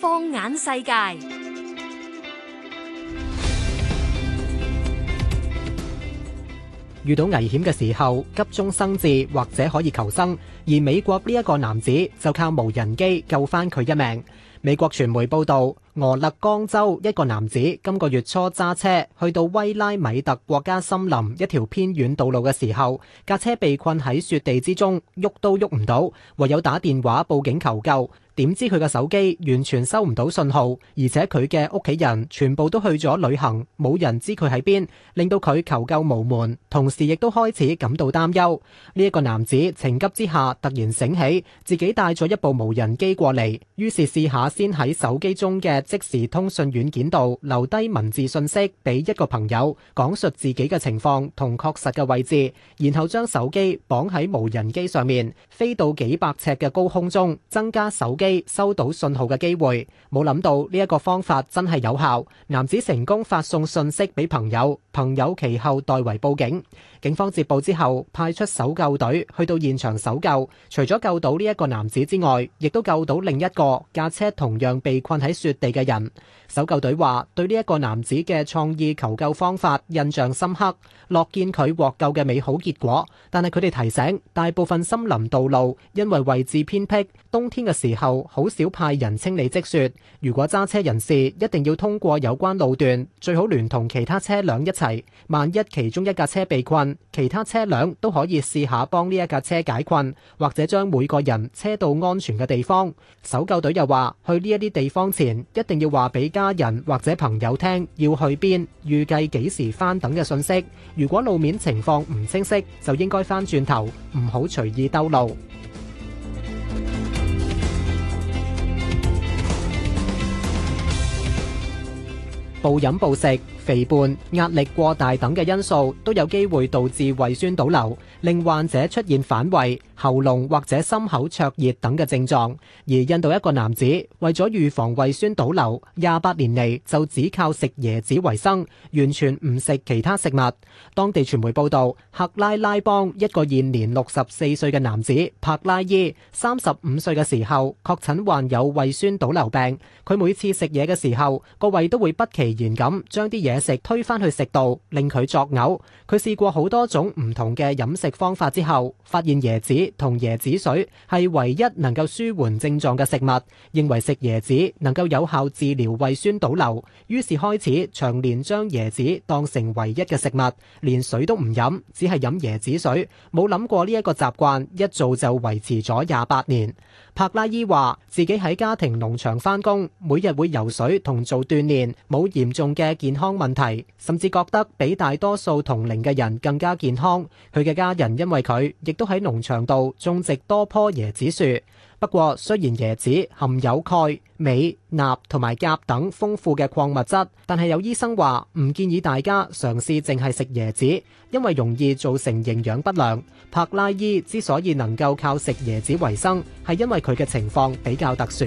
放眼世界，遇到危險嘅時候，急中生智或者可以求生。而美國呢一個男子就靠無人機救翻佢一命。美國傳媒報導。俄勒岡州一個男子今個月初揸車去到威拉米特國家森林一條偏遠道路嘅時候，架車被困喺雪地之中，喐都喐唔到，唯有打電話報警求救。點知佢嘅手機完全收唔到信號，而且佢嘅屋企人全部都去咗旅行，冇人知佢喺邊，令到佢求救無門。同時亦都開始感到擔憂。呢一個男子情急之下突然醒起，自己帶咗一部無人機過嚟，於是試下先喺手機中嘅即時通訊軟件度留低文字信息俾一個朋友，講述自己嘅情況同確實嘅位置，然後將手機綁喺無人機上面，飛到幾百尺嘅高空中，增加手機收到信號嘅機會，冇諗到呢一個方法真係有效。男子成功發送信息俾朋友，朋友其後代為報警，警方接報之後派出搜救隊去到現場搜救，除咗救到呢一個男子之外，亦都救到另一個駕車同樣被困喺雪地嘅人。搜救隊話對呢一個男子嘅創意求救方法印象深刻，樂見佢獲救嘅美好結果。但係佢哋提醒，大部分森林道路因為位置偏僻，冬天嘅時候。好少派人清理積雪。如果揸車人士一定要通過有關路段，最好聯同其他車輛一齊。萬一其中一架車被困，其他車輛都可以試下幫呢一架車解困，或者將每個人車到安全嘅地方。搜救隊又話：去呢一啲地方前，一定要話俾家人或者朋友聽要去邊、預計幾時翻等嘅信息。如果路面情況唔清晰，就應該翻轉頭，唔好隨意兜路。暴飲暴食。肥胖、壓力過大等嘅因素都有機會導致胃酸倒流，令患者出現反胃、喉嚨或者心口灼熱等嘅症狀。而印度一個男子為咗預防胃酸倒流，廿八年嚟就只靠食椰子為生，完全唔食其他食物。當地傳媒報道，克拉拉邦一個現年六十四歲嘅男子帕拉伊，三十五歲嘅時候確診患有胃酸倒流病，佢每次食嘢嘅時候，個胃都會不其然咁將啲嘢嘢食推返去食道，令佢作嘔。佢試過好多種唔同嘅飲食方法之後，發現椰子同椰子水係唯一能夠舒緩症狀嘅食物。認為食椰子能夠有效治療胃酸倒流，於是開始長年將椰子當成唯一嘅食物，連水都唔飲，只係飲椰子水。冇諗過呢一個習慣一做就維持咗廿八年。柏拉伊話自己喺家庭農場返工，每日會游水同做鍛煉，冇嚴重嘅健康問題，甚至覺得比大多數同齡嘅人更加健康。佢嘅家人因為佢，亦都喺農場度種植多棵椰子樹。不過，雖然椰子含有鈣、鎂、鈉同埋鉀等豐富嘅礦物質，但係有醫生話唔建議大家嘗試淨係食椰子，因為容易造成營養不良。柏拉伊之所以能夠靠食椰子為生，係因為佢嘅情況比較特殊。